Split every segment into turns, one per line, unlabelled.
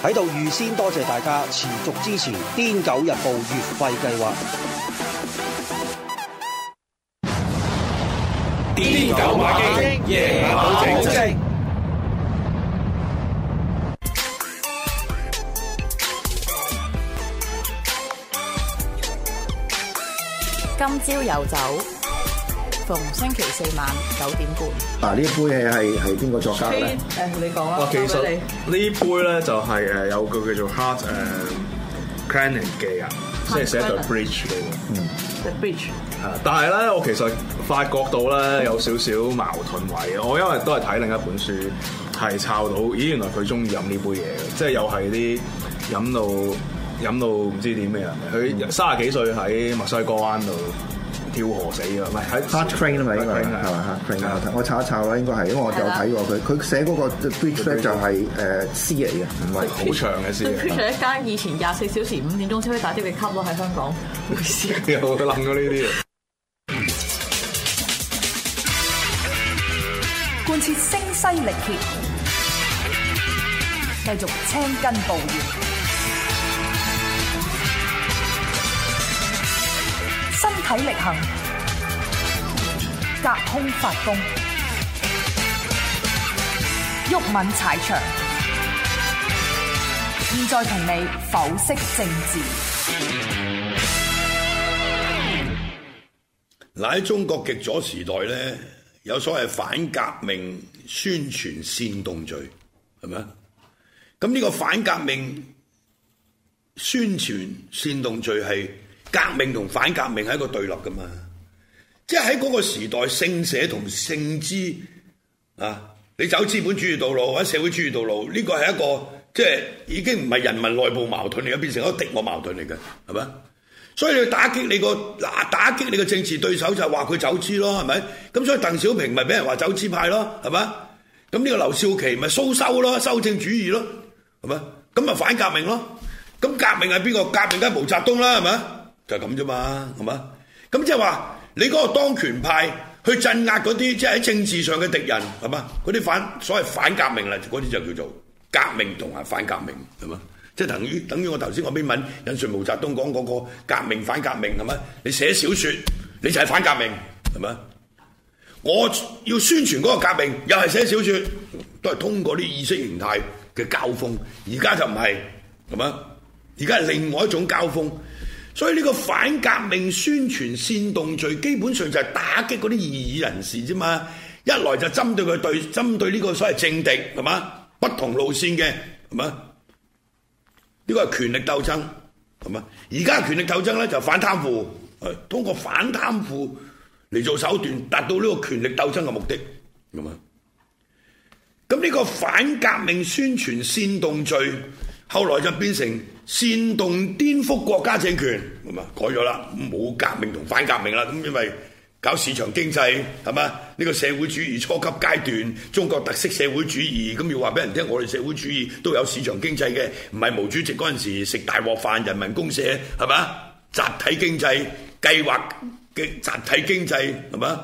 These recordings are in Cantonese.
喺度預先多謝大家持續支持《癲狗日報月費計劃》。癲狗馬經贏馬正正，吃今朝有酒。逢星期四晚九點半。嗱呢一杯嘢係係邊個作家咧？誒，你講啊，我其實呢杯咧就係誒有個叫做 Heart 誒 Crane 嘅人，即係寫《The Bridge》嘅喎。嗯。Bridge。啊！但係咧，我其實發覺到咧有少少矛盾位。我因為都係睇另一本書係抄到，咦？原來佢中意飲呢杯嘢，嘅，即係又係啲飲到飲到唔知點咩人。佢三十幾歲喺墨西哥灣度， 跳河死㗎，唔係喺。Hot train 啊嘛，應該係係嘛？Hot train 我查一查啦，應該係，因為我有睇過佢。佢吧寫嗰個 feature 就係誒詩嚟嘅，唔係好長嘅詩。對，一間以前廿四小時五點鐘先可以打啲嘅卡咯，喺香港。我覺得諗緊呢啲。貫徹聲嘶力竭，繼續青筋暴裂，體力行，隔空發功，毓民踩場。現在同你剖析政治。嗱，喺中國極左時代咧，有所謂反革命宣傳煽動罪，係咪啊？咁呢個反革命宣傳煽動罪係？革命同反革命係一個對立噶嘛？即係喺嗰個時代，姓社同姓資啊，你走資本主義道路，或者社會主義道路，呢個係一個即係已經唔係人民內部矛盾嚟，而變成一個敵我矛盾嚟嘅，係咪？所以你打擊你個嗱，打擊你個政治對手就係話佢走資咯，係咪？咁所以鄧小平咪俾人話走資派咯，係咪？咁呢個劉少奇咪蘇修咯，修正主義咯，係咪？咁咪反革命咯？咁革命係邊個？革命梗係毛澤東啦，係咪？就咁啫嘛，係嘛？咁即係話你嗰個當權派去鎮壓嗰啲，即係喺政治上嘅敵人，係嘛？嗰啲反所謂反革命啦，嗰啲就叫做革命同埋反革命，係嘛？即係等於等於我頭先我篇文引述毛澤東講嗰個革命反革命，係嘛？你寫小説，你就係反革命，係嘛？我要宣傳嗰個革命，又係寫小説，都係通過啲意識形態嘅交鋒。而家就唔係，係嘛？而家係另外一種交鋒。所以呢個反革命宣傳煽動罪基本上就係打擊嗰啲異議人士啫嘛，一來就針對佢對針對呢個所謂政敵，係嘛，不同路線嘅，係嘛，呢個係權力鬥爭，係嘛，而家嘅權力鬥爭咧就反貪腐，係通過反貪腐嚟做手段，達到呢個權力鬥爭嘅目的，係嘛？咁呢個反革命宣傳煽動罪。後來就變成煽動顛覆國家政權，係嘛？改咗啦，冇革命同反革命啦，咁因為搞市場經濟，係嘛？呢、呢個社會主義初級階段，中國特色社會主義，咁要話俾人聽，我哋社會主義都有市場經濟嘅，唔係毛主席嗰陣時食大鍋飯、人民公社，係嘛？集體經濟計劃嘅集體經濟，係嘛？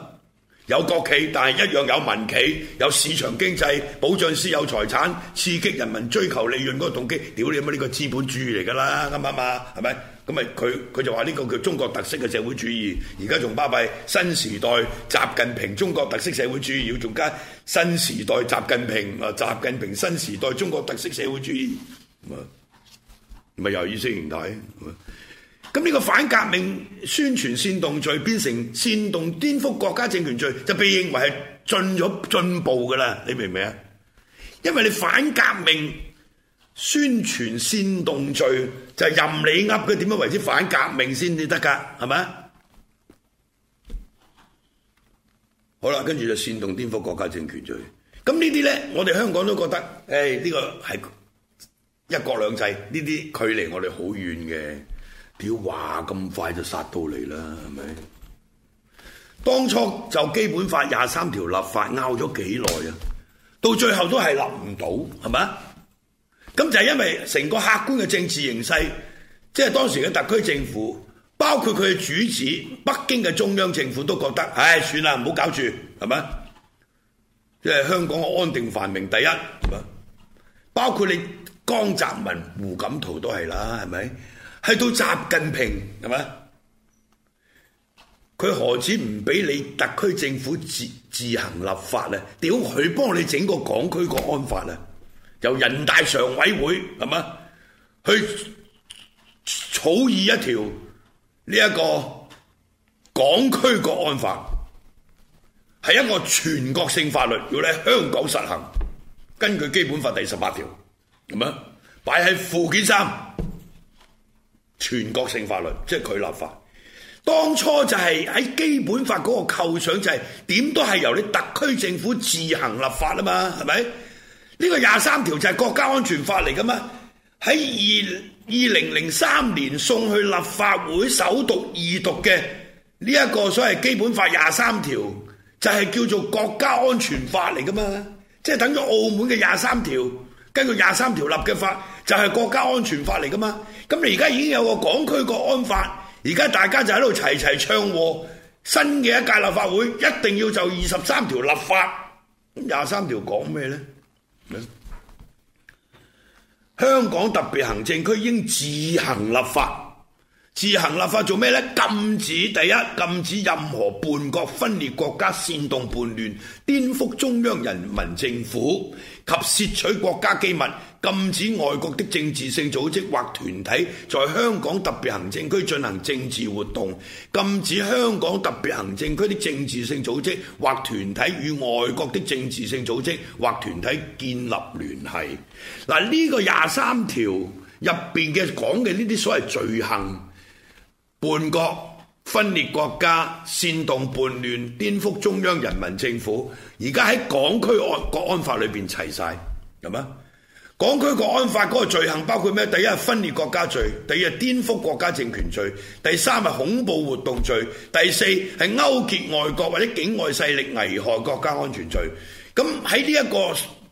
有國企，但係一樣有民企，有市場經濟，保障私有財產，刺激人民追求利潤嗰個動機。屌你乜呢個資本主義嚟㗎啦？啱唔啱啊？係咪？咁咪佢佢就話呢個叫中國特色嘅社會主義。而家仲巴閉新時代習近平中國特色社會主義，要仲加新時代習近平啊！習近平新時代中國特色社會主義。咪又意識形態。咁呢個反革命宣傳煽動罪變成煽動顛覆國家政權罪，就被認為係進咗進步㗎喇，你明唔明啊？因為你反革命宣傳煽動罪就係任你噏佢點樣為之反革命先至得㗎，係咪啊？好啦，跟住就煽動顛覆國家政權罪。咁呢啲呢，我哋香港都覺得，誒呢個係一國兩制，呢啲距離我哋好遠嘅。屌，話咁快就殺到你啦，係咪？當初就基本法廿三條立法拗咗幾耐啊？到最後都係立唔到，係咪？咁就係因為成個客觀嘅政治形勢，即係當時嘅特區政府，包括佢嘅主旨，北京嘅中央政府都覺得，唉，算啦，唔好搞住，係咪？即係香港嘅安定繁榮第一，係咪，包括你江澤民、胡錦濤都係啦，係咪？去到習近平係嘛？佢何止唔俾你特區政府自自行立法啊？屌佢，幫你整個港區國安法啊！由人大常委會係嘛去草擬一條呢一個港區國安法，係一個全國性法律，要喺香港實行。根據基本法第十八條，咁啊，擺喺附件三。全國性法律即係佢立法，當初就係喺基本法嗰個構想就係、是、點都係由你特區政府自行立法啊嘛，係咪？呢、這個廿三條就係國家安全法嚟噶嘛？喺二二零零三年送去立法會首讀二讀嘅呢一個所謂基本法廿三條，就係、是、叫做國家安全法嚟噶嘛？即、就、係、是、等於澳門嘅廿三條。根據廿三條立嘅法就係、是、國家安全法嚟㗎嘛，咁你而家已經有個港區國安法，而家大家就喺度齊齊唱和，新嘅一屆立法會一定要就二十三條立法。咁廿三條講咩呢、嗯？香港特別行政區應自行立法。自行立法做咩呢？禁止第一，禁止任何叛國、分裂國家、煽動叛亂、顛覆中央人民政府及竊取國家機密；禁止外國的政治性組織或團體在香港特別行政區進行政治活動，禁止香港特別行政區的政治性組織或團體與外國的政治性組織或團體建立聯繫。嗱、這個，呢個廿三條入邊嘅講嘅呢啲所謂罪行。叛國、分裂國家、煽動叛亂、顛覆中央人民政府，而家喺港區國國安法裏邊齊晒。係嘛？港區國安法嗰個罪行包括咩？第一係分裂國家罪，第二係顛覆國家政權罪，第三係恐怖活動罪，第四係勾結外國或者境外勢力危害國家安全罪。咁喺呢一個。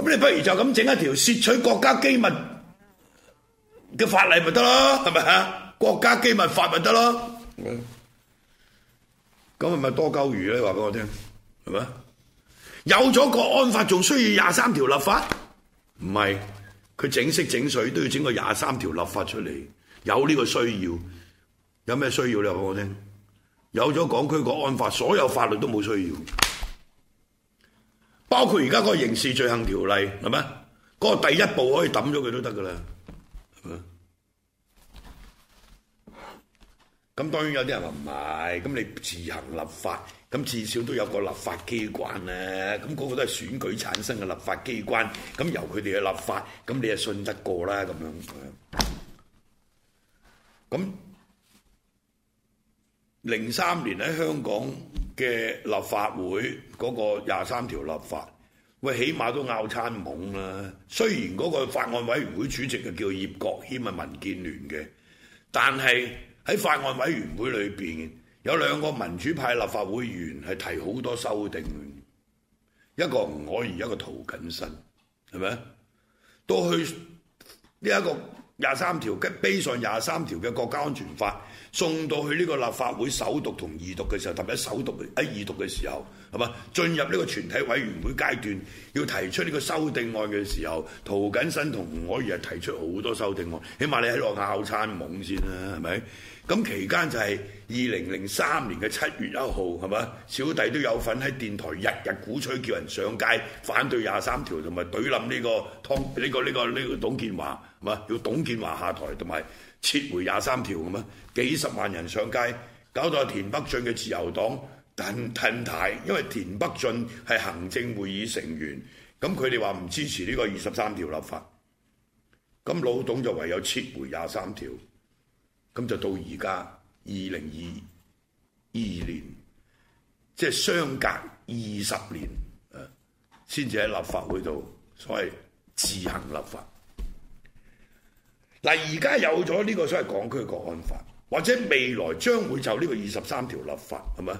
咁你不如就咁整一條竊取國家機密嘅法例咪得咯？係咪啊？國家機密法咪得咯？咁係咪多鳩餘咧？話俾我聽係咪？有咗國安法，仲需要廿三條立法？唔係，佢整色整水都要整個廿三條立法出嚟。有呢個需要，有咩需要咧？你話俾我聽。有咗港區國安法，所有法律都冇需要。包括而家嗰個刑事罪行條例係咪？嗰個第一步可以抌咗佢都得噶啦。咁當然有啲人話唔係，咁你自行立法，咁至少都有個立法機關啦。咁嗰個都係選舉產生嘅立法機關，咁由佢哋去立法，咁你就信得過啦咁樣。咁。零三年喺香港嘅立法會嗰、那個廿三條立法，喂起碼都拗餐懵啦。雖然嗰個法案委員會主席就叫葉國謙啊民建聯嘅，但係喺法案委員會裏邊有兩個民主派立法會議員係提好多修訂，一個吳靄儀，一個涂謹申，係咪啊？到去呢一個廿三條嘅基本上廿三條嘅國家安全法。送到去呢個立法會首讀同二讀嘅時候，特別喺首讀喺二讀嘅時候，係嘛進入呢個全體委員會階段，要提出呢個修訂案嘅時候，涂謹申同吳靄儀提出好多修訂案，起碼你喺度拗餐懵先啦，啊，係咪？咁期間就係二零零三年嘅七月一號，係嘛？小弟都有份喺電台日日鼓吹叫人上街反對廿三條，同埋懟冧呢個湯呢、這個呢、這個呢、這個這個董建華，係嘛？要董建華下台同埋。撤回廿三條咁啊，幾十萬人上街，搞到阿田北俊嘅自由黨騰騰大，因為田北俊係行政會議成員，咁佢哋話唔支持呢個二十三條立法，咁老董就唯有撤回廿三條，咁就到而家二零二二年，即係相隔二十年先至喺立法會度所謂自行立法。嗱，而家有咗呢個所謂港區國安法，或者未來將會就呢個二十三條立法，係咪？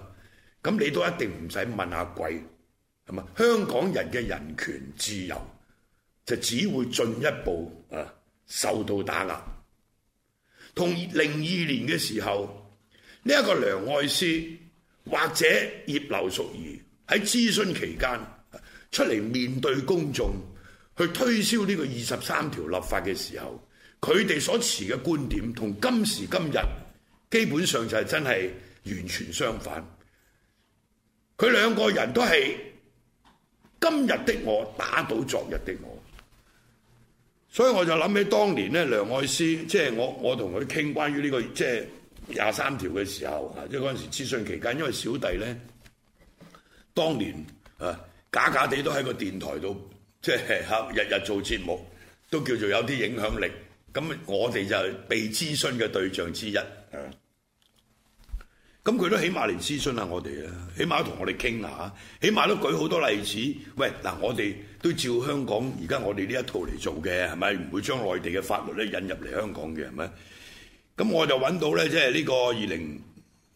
咁你都一定唔使問阿貴，係嘛？香港人嘅人權自由就只會進一步啊受到打壓。同二零二年嘅時候，呢一個梁愛詩或者葉劉淑儀喺諮詢期間出嚟面對公眾去推銷呢個二十三條立法嘅時候。佢哋所持嘅觀點同今時今日基本上就係真係完全相反。佢兩個人都係今日的我打倒昨日的我，所以我就諗起當年呢。梁愛詩即係我我同佢傾關於呢個即係廿三條嘅時候，即係嗰陣時諮詢期間，因為小弟呢，當年啊假假地都喺個電台度即係日日做節目，都叫做有啲影響力。咁我哋就係被諮詢嘅對象之一，誒，咁佢都起碼嚟諮詢下我哋啦，起碼同我哋傾下，起碼都舉好多例子。喂，嗱，我哋都照香港而家我哋呢一套嚟做嘅，係咪？唔會將內地嘅法律咧引入嚟香港嘅，係咪？咁我就揾到咧，即係呢個二零零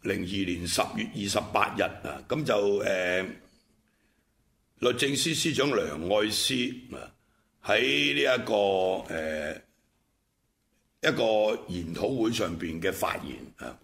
二年十月二十八日啊，咁就誒律政司司長梁愛詩啊喺呢一個誒，一個研討會上邊嘅發言啊，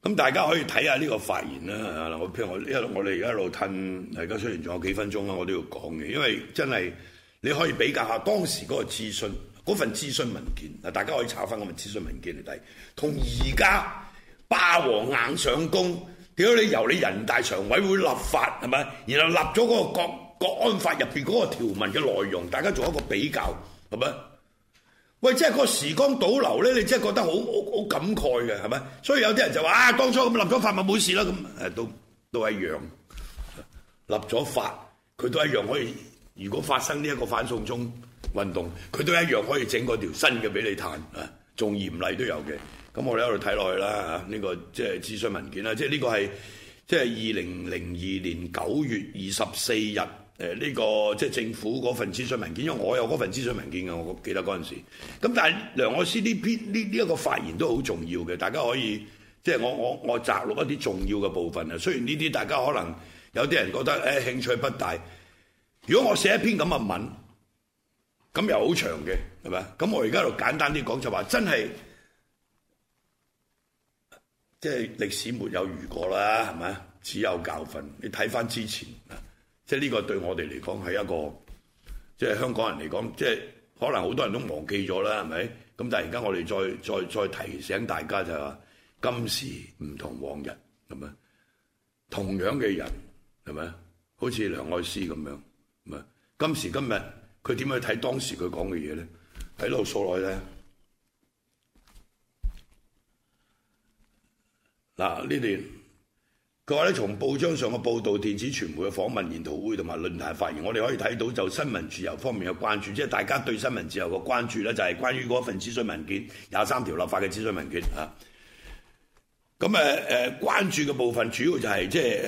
咁大家可以睇下呢個發言啦。嗱、啊，我譬如我，我一我哋而家一路吞，大、啊、家雖然仲有幾分鐘啦，我都要講嘅，因為真係你可以比較下當時嗰個諮詢嗰份諮詢文件，嗱，大家可以查翻嗰份諮詢文件嚟睇，同而家霸王硬上弓，點解你由你人大常委會立法係咪？然後立咗嗰個國、國安法入邊嗰個條文嘅內容，大家做一個比較係咪？喂，即係個時光倒流呢，你真係覺得好好感慨嘅，係咪？所以有啲人就話：啊，當初咁立咗法咪冇事啦，咁誒都都一樣。立咗法，佢都一樣可以。如果發生呢一個反送中運動，佢都一樣可以整嗰條新嘅俾你彈啊，仲嚴厲都有嘅。咁我哋喺度睇落去啦，啊，呢個即係諮詢文件啦，即係呢個係即係二零零二年九月二十四日。誒呢、這個即係政府嗰份諮詢文件，因為我有嗰份諮詢文件嘅，我記得嗰陣時。咁但係梁愛詩呢篇呢呢一個發言都好重要嘅，大家可以即係我我我摘錄一啲重要嘅部分啊。雖然呢啲大家可能有啲人覺得誒、欸、興趣不大。如果我寫一篇咁嘅文，咁又好長嘅係咪？咁我而家就簡單啲講就話，真係即係歷史沒有如果啦，係咪？只有教訓。你睇返之前。即係呢個對我哋嚟講係一個，即係香港人嚟講，即係可能好多人都忘記咗啦，係咪？咁但係而家我哋再再再提醒大家就係話，今時唔同往日，咁樣同樣嘅人，係咪好似梁愛詩咁樣，咁啊，今時今日佢點樣睇當時佢講嘅嘢咧？喺度數內咧，嗱呢啲。我咧從報章上嘅報導、電子傳媒嘅訪問、研討會同埋論壇發言，我哋可以睇到就新聞自由方面嘅關注，即係大家對新聞自由嘅關注咧，就係、是、關於嗰份諮詢文件廿三條立法嘅諮詢文件啊。咁誒誒，關注嘅部分主要就係即係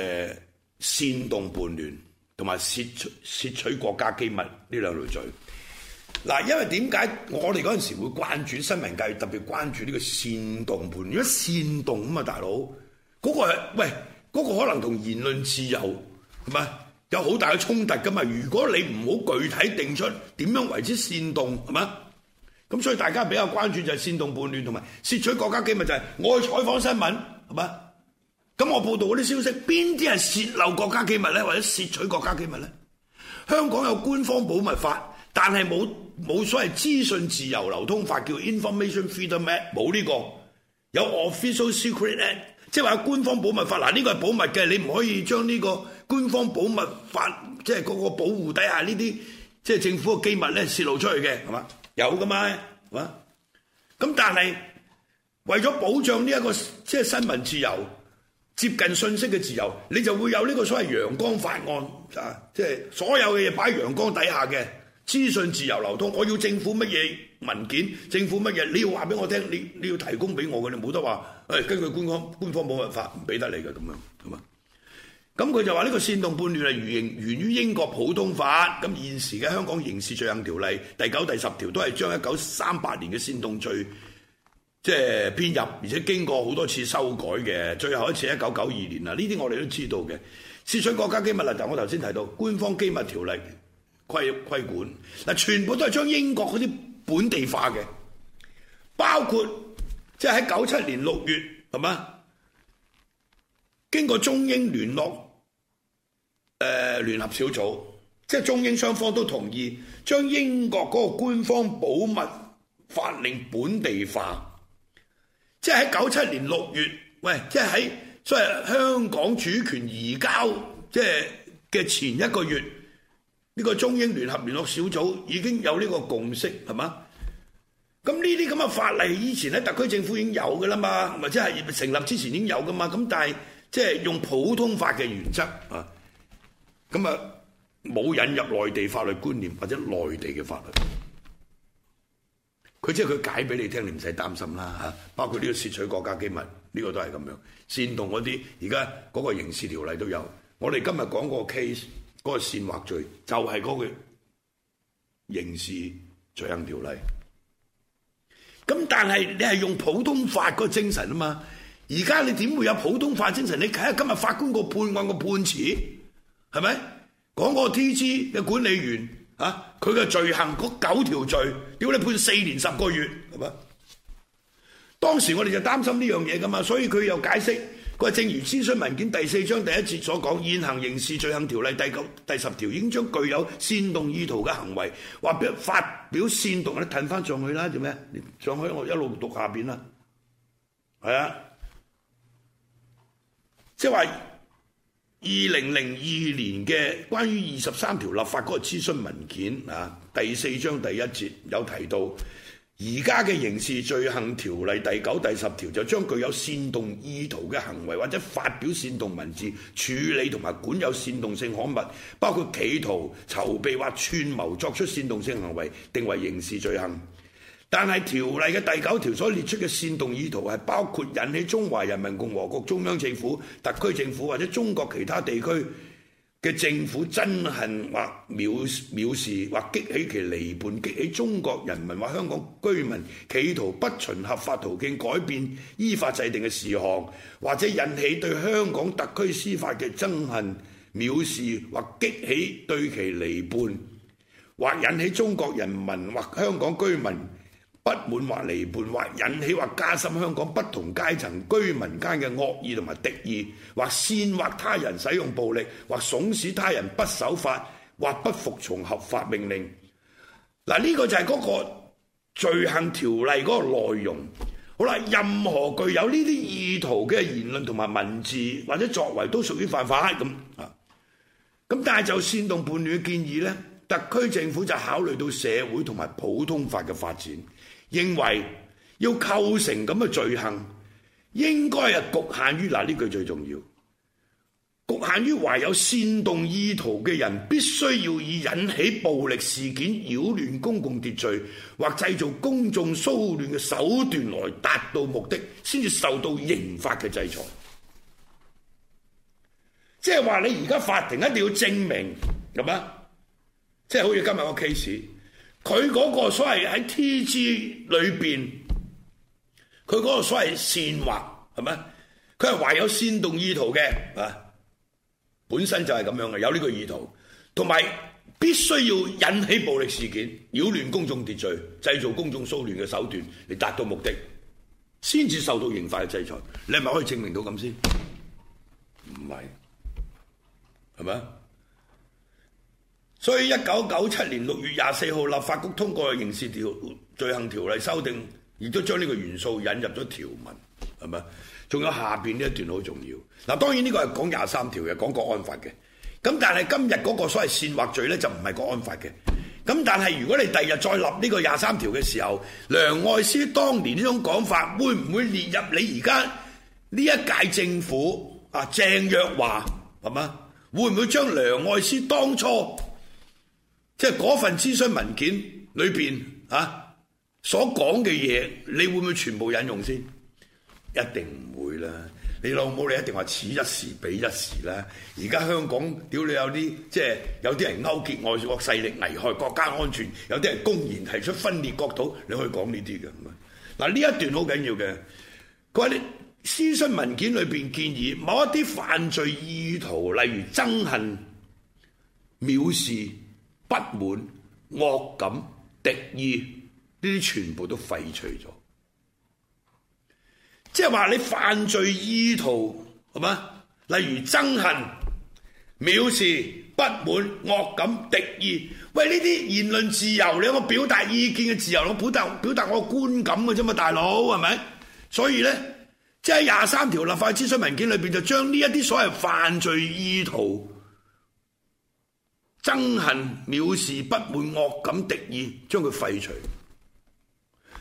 誒煽動叛亂同埋竊竊取國家機密呢兩類罪。嗱、啊，因為點解我哋嗰陣時會關注新聞界，特別關注呢個煽動叛亂？因為煽動啊嘛，大佬嗰、那個係喂。嗰個可能同言論自由係嘛有好大嘅衝突㗎嘛？如果你唔好具體定出點樣為之煽動係嘛？咁所以大家比較關注就係煽動叛亂同埋竊取國家機密就係我去採訪新聞係嘛？咁我報導嗰啲消息邊啲係洩漏國家機密咧，或者竊取國家機密咧？香港有官方保密法，但係冇冇所謂資訊自由流通法叫 Information Freedom Act 冇呢個，有 Official Secret Act。即係話官方保密法嗱，呢個係保密嘅，你唔可以將呢個官方保密法，即係嗰個保護底下呢啲，即係政府嘅機密咧，泄露出去嘅，係嘛？有嘅嘛，係嘛。咁但係為咗保障呢一個即係新聞自由、接近信息嘅自由，你就會有呢個所謂陽光法案啊，即係所有嘅嘢擺喺陽光底下嘅。資訊自由流通，我要政府乜嘢文件，政府乜嘢，你要話俾我聽，你你要提供俾我嘅，你冇得話，誒、哎、根據官方官方保密法唔俾得你嘅咁樣，好嘛？咁佢就話呢、呢個煽動叛亂係源於英國普通法，咁現時嘅香港刑事罪行條例第九、第十條都係將一九三八年嘅煽動罪即係編入，而且經過好多次修改嘅，最後一次一九九二年啦，呢啲我哋都知道嘅。竊取國家機密啦，但我頭先提到官方機密條例。規規管嗱，全部都係將英國嗰啲本地化嘅，包括即係喺九七年六月係嘛？經過中英聯絡誒、呃、聯合小組，即係中英雙方都同意將英國嗰個官方保密法令本地化，即係喺九七年六月，喂，即係喺所謂香港主權移交即係嘅前一個月。呢個中英聯合聯絡小組已經有呢個共識，係嘛？咁呢啲咁嘅法例，以前喺特區政府已經有㗎啦嘛，或者係成立之前已經有㗎嘛。咁但係即係用普通法嘅原則啊，咁啊冇引入內地法律觀念或者內地嘅法律。佢即係佢解俾你聽，你唔使擔心啦嚇。包括呢個竊取國家機密，呢個都係咁樣煽動嗰啲。而家嗰個刑事條例都有。我哋今日講個 case。嗰個煽惑罪就係嗰個刑事罪行條例，咁但係你係用普通法嗰精神啊嘛？而家你點會有普通法精神？你睇下今日法官個判案個判詞係咪講個 TG 嘅管理員啊？佢嘅罪行嗰九條罪，屌你判四年十個月係咪？當時我哋就擔心呢樣嘢㗎嘛，所以佢又解釋。正如諮詢文件第四章第一節所講，《現行刑事罪行條例》第九第十條已經將具有煽動意圖嘅行為或表發表煽動，你褪翻上去啦，做咩？上去我一路讀下邊啦，係啊，即係話二零零二年嘅關於二十三條立法嗰個諮詢文件啊，第四章第一節有提到。而家嘅刑事罪行條例第九、第十條就將具有煽動意圖嘅行為，或者發表煽動文字、處理同埋管有煽動性刊物，包括企圖、籌備或串謀作出煽動性行為，定為刑事罪行。但係條例嘅第九條所列出嘅煽動意圖，係包括引起中華人民共和國中央政府、特區政府或者中國其他地區。嘅政府憎恨或藐藐視或激起其離叛，激起中國人民或香港居民企圖不循合法途徑改變依法制定嘅事項，或者引起對香港特區司法嘅憎恨、藐視或激起對其離叛，或引起中國人民或香港居民。不滿或離叛，或引起或加深香港不同階層居民間嘅惡意同埋敵意，或煽惑他人使用暴力，或慫使他人不守法或不服從合法命令。嗱，呢個就係嗰個罪行條例嗰個內容。好啦，任何具有呢啲意圖嘅言論同埋文字或者作為都屬於犯法咁啊。咁但係就煽動叛亂嘅建議呢，特區政府就考慮到社會同埋普通法嘅發展。認為要構成咁嘅罪行，應該係局限於嗱，呢句最重要。局限於懷有煽動意圖嘅人，必須要以引起暴力事件、擾亂公共秩序或製造公眾騷亂嘅手段來達到目的，先至受到刑法嘅制裁。即係話你而家法庭一定要證明咁啊！即係、就是、好似今日個 case。佢嗰個所謂喺 T 字裏邊，佢嗰個所謂煽惑，係咪？佢係懷有煽動意圖嘅啊，本身就係咁樣嘅，有呢個意圖，同埋必須要引起暴力事件、擾亂公眾秩序、製造公眾騷亂嘅手段嚟達到目的，先至受到刑法嘅制裁。你係咪可以證明到咁先？唔係，係咪？所以一九九七年六月廿四號，立法局通過刑事條罪行條例修訂，亦都將呢個元素引入咗條文，係咪？仲有下邊呢一段好重要。嗱，當然呢個係講廿三條嘅，講國安法嘅。咁但係今日嗰個所謂煽惑罪呢，就唔係國安法嘅。咁但係如果你第日再立呢個廿三條嘅時候，梁愛詩當年呢種講法會唔會列入你而家呢一屆政府啊？鄭若驊係咪？會唔會將梁愛詩當初？即係嗰份諮詢文件裏邊啊，所講嘅嘢，你會唔會全部引用先？一定唔會啦。你老母，你一定話此一時彼一時啦。而家香港屌你有啲即係有啲人勾結外國勢力，危害國家安全；有啲人公然提出分裂國土，你可以講呢啲嘅。嗱、啊、呢一段好緊要嘅。佢話你諮詢文件裏邊建議某一啲犯罪意圖，例如憎恨、藐視。不滿、惡感、敵意，呢啲全部都廢除咗。即係話你犯罪意圖，係嘛？例如憎恨、藐視、不滿、惡感、敵意，喂，呢啲言論自由，你有個表達意見嘅自由，我表達表達我嘅觀感嘅啫嘛，大佬，係咪？所以咧，即係廿三條立法諮詢文件裏邊就將呢一啲所謂犯罪意圖。憎恨、藐視、不滿、惡感、敵意，將佢廢除，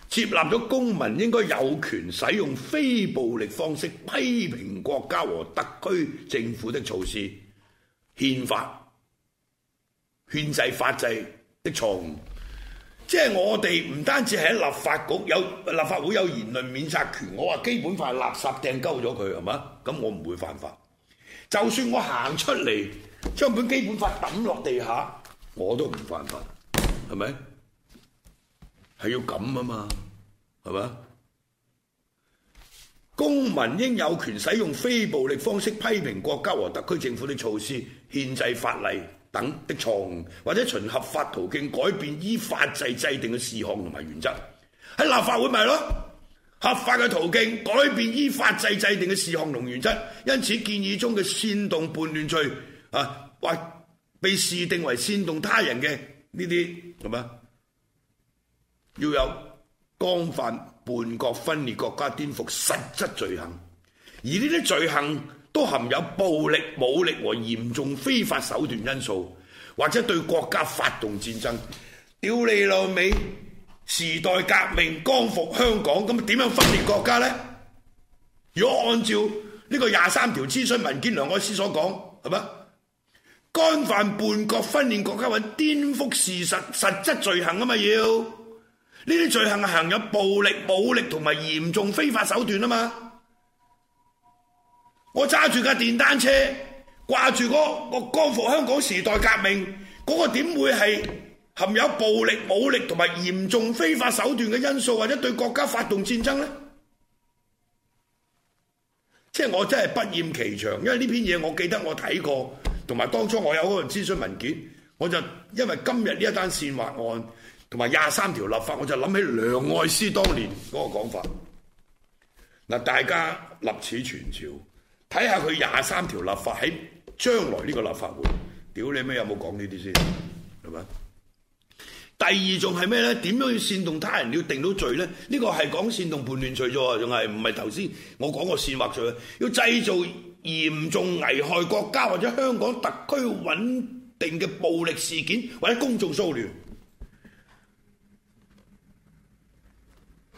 接納咗公民應該有權使用非暴力方式批評國家和特區政府的措施、憲法、憲制、法制的錯誤。即係我哋唔單止喺立法局有立法會有言論免責權，我話基本法垃圾掟鳩咗佢係嘛？咁我唔會犯法，就算我行出嚟。將本基本法抌落地下，我都唔犯法，係咪？係要咁啊嘛，係咪啊？公民應有權使用非暴力方式批評國家和特區政府的措施、憲制法例等的錯誤，或者循合法途徑改變依法制制定嘅事項同埋原則。喺立法會咪咯？合法嘅途徑改變依法制制定嘅事項同原則，因此建議中嘅煽動叛亂罪。啊喂！被視定為煽動他人嘅呢啲，係咪要有干犯叛國分裂國家、顛覆實質罪行？而呢啲罪行都含有暴力、武力和嚴重非法手段因素，或者對國家發動戰爭。屌你老味！時代革命光復香港，咁點樣分裂國家呢？如果按照呢個廿三條諮詢文件梁愛詩所講，係咪？干犯叛國分裂國家或者顛覆事實實質罪行啊嘛，要呢啲罪行係含有暴力、武力同埋嚴重非法手段啊嘛，我揸住架電單車掛住嗰個光復香港時代革命嗰個，點會係含有暴力、武力同埋嚴重非法手段嘅因素或者對國家發動戰爭呢？即係我真係不厭其詳，因為呢篇嘢，我記得我睇過。同埋當初我有嗰份諮詢文件，我就因為今日呢一單煽惑案，同埋廿三條立法，我就諗起梁愛詩當年嗰個講法。嗱，大家立此存照，睇下佢廿三條立法喺將來呢個立法會，屌你咩有冇講呢啲先，係嘛？第二仲係咩呢？點樣要煽動他人要定到罪呢？呢個係講煽動叛亂罪咋，仲係唔係頭先我講個煽惑罪？要製造嚴重危害國家或者香港特區穩定嘅暴力事件或者公眾騷亂。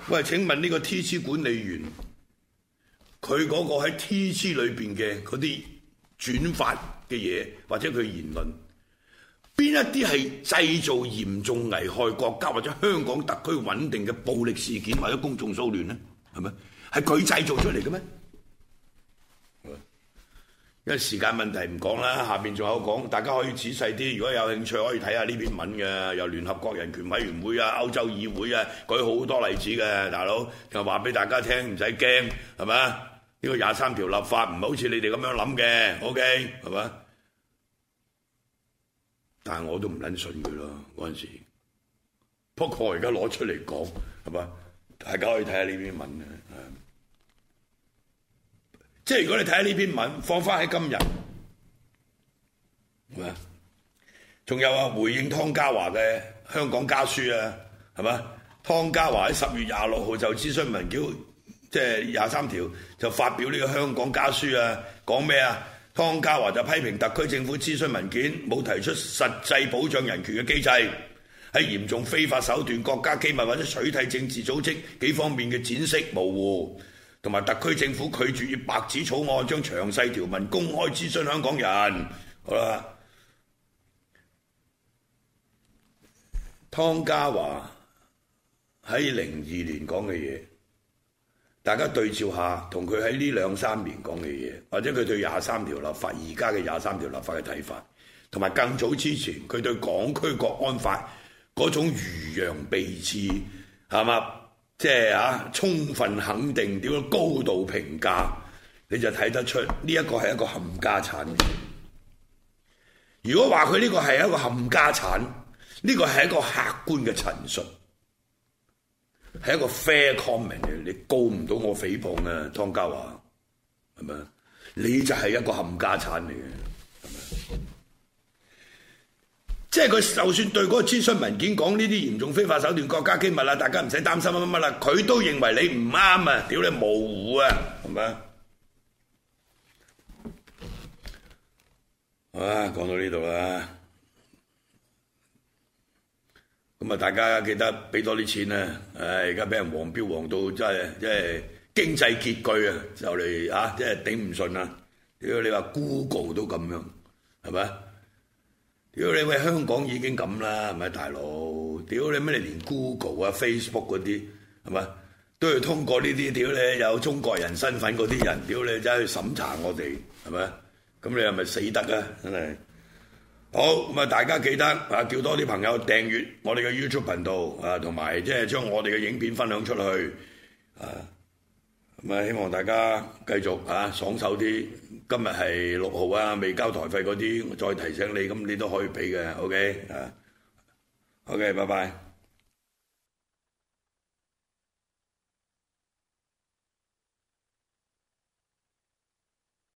喂，請問呢個 TC 管理員，佢個喺 TC 裏邊嘅啲轉發嘅嘢或者佢言論，邊一啲係製造嚴重危害國家或者香港特區穩定嘅暴力事件或者公眾騷亂咧？係咪？係佢製造出嚟嘅咩？因為時間問題唔講啦，下面仲有講，大家可以仔細啲。如果有興趣，可以睇下呢篇文嘅，由聯合國人權委員會啊、歐洲議會啊，舉好多例子嘅，大佬就話俾大家聽，唔使驚，係咪啊？呢個廿三條立法唔係好似你哋咁樣諗嘅，OK？係咪？但係我都唔撚信佢咯，嗰陣時候。不過我而家攞出嚟講，係咪？大家可以睇下呢篇文嘅。即係如果你睇下呢篇文，放翻喺今日，仲有啊，回應湯家驊嘅香港家書啊，係嘛？湯家驊喺十月廿六號就諮詢文件，即係廿三條就發表呢個香港家書啊，講咩啊？湯家驊就批評特區政府諮詢文件冇提出實際保障人權嘅機制，喺嚴重非法手段、國家機密或者取締政治組織幾方面嘅展示模糊。同埋特區政府拒絕以白紙草案將詳細條文公開諮詢香港人，好啦。湯家驊喺零二年講嘅嘢，大家對照下，同佢喺呢兩三年講嘅嘢，或者佢對廿三條立法而家嘅廿三條立法嘅睇法，同埋更早之前佢對港區國安法嗰種如羊被刺，係嘛？即係啊，充分肯定點樣高度評價，你就睇得出呢、這個、一個係一個冚家產。如果話佢呢個係一個冚家產，呢、這個係一個客觀嘅陳述，係一個 fair comment。你告唔到我誹謗啊，湯家驊係咪？你就係一個冚家產嚟嘅。即係佢就算對嗰個諮詢文件講呢啲嚴重非法手段、國家機密啦，大家唔使擔心乜乜啦。佢都認為你唔啱啊！屌你模糊啊，係嘛？哇，講到呢度啦，咁啊，大家記得俾多啲錢啊！唉，而家俾人黃標黃到真係即係經濟拮據啊，就嚟啊，即係頂唔順啦！屌你話 Google 都咁樣，係咪啊？屌你喂，香港已經咁啦，係咪大佬？屌你咩？你連 Google 啊、Facebook 嗰啲係咪？都要通過呢啲？屌你有中國人身份嗰啲人，屌你走去審查我哋係咪？咁你係咪死得啊？真係好咁啊！大家記得啊，叫多啲朋友訂閱我哋嘅 YouTube 頻道啊，同埋即係將我哋嘅影片分享出去啊！希望大家繼續啊，爽手啲。今日係六號啊，未交台費嗰啲，我再提醒你，咁你都可以俾嘅。OK 啊，OK，拜拜。